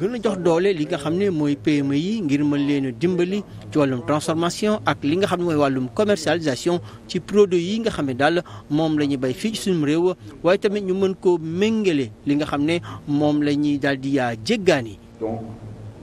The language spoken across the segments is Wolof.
gën a jox doole li nga xam ne mooy PME yi ngir mën leen a dimbali ci wàllum transformation ak li nga xam ne mooy wàllum commercialisation ci produit yi nga xam ne daal moom lañu bay fii ci suñu réew waaye tamit ñu mën koo méngale li nga xam ne moom la ñuy daal di yaa jéggaani. donc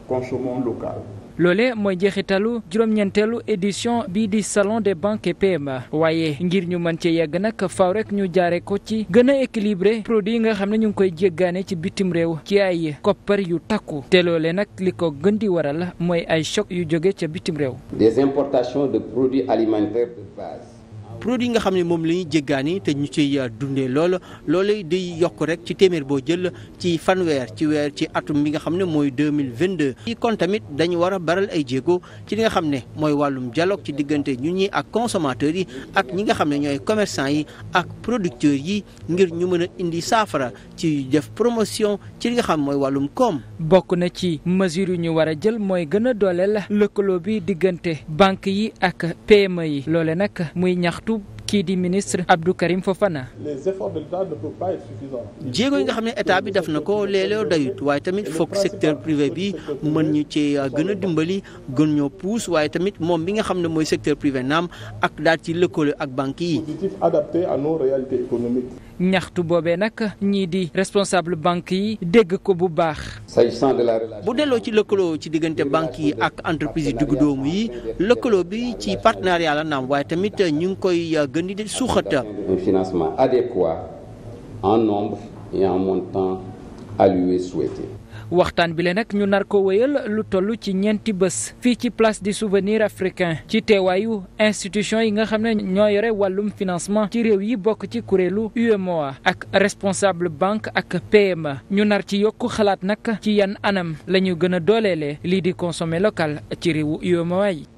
consommons local. loole mooy jeexitalu juróom-ñeenteelu édition bii di salon des banque et PME waaye ngir ñu mën cee yegg nag faaw rek ñu jaare ko ci gën a équilibré produit yi nga xam ne ñu ngi koy jéggaane ci bitim réew ci ay koppar yu takku te loole nag li ko gën di waral mooy ay choc yu jóge ca bitim réew. des importations de produits alimentaires de base. produit nga xam ne moom la ñuy jéggaani te ñu ciy euh, dundee lool loolu day yokk rek ci téeméer boo jël ci fanweer ci ci atum bi nga xam ne mooy deux mille vingt deux yi kon tamit dañu war a baral ay jéego ci li nga xam ne mooy wàllum dialogue ci diggante ñu ñi ak consommateurs yi ak ñi nga xam ne ñooy commerçants yi ak producteurs yi ngir ñu mën a indi saafara ci def promotion ci li nga xam mooy wàllum koom bokk na ci mesure yu ñu war a jël mooy gën a dooleel lëkkaloo bi diggante banque yi ak PME yi loole nag muy ñaxtu artu kii di ministre Abdou Karim Fofana. les jéego yi nga xam ne état bi def na ko léeg-léeg dayut waaye tamit foog secteur privé bi mën ñu ci gën a dimbali gën ñoo pousse waaye tamit moom bi nga xam ne mooy secteur privé naam ak daal ci lëkkale ak banques yi. ñaxtu boobee nag ñii di responsable banque yi dégg ko bu baax. bu delloo ci lëkkaloo ci diggante banque yi ak entreprise yu diggu doomu yi lëkkaloo bi ci partenariat la naam waaye tamit ñu ngi koy euh, gën di suuxat. un financement adéquat en nombre waxtaan bi le nag ñu nar ko wéyal lu toll ci ñeenti bés fii ci place di souvenir africain ci teewaayu institution yi nga xam ne ñoo yore wàllum financement ci réew yi bokk ci kuréelu UEMOA ak responsable banque ak pm ñu nar ci yokk xalaat nag ci yan anam lañu ñu gën a dooleele lii di consommer local ci réewu UEMOA yi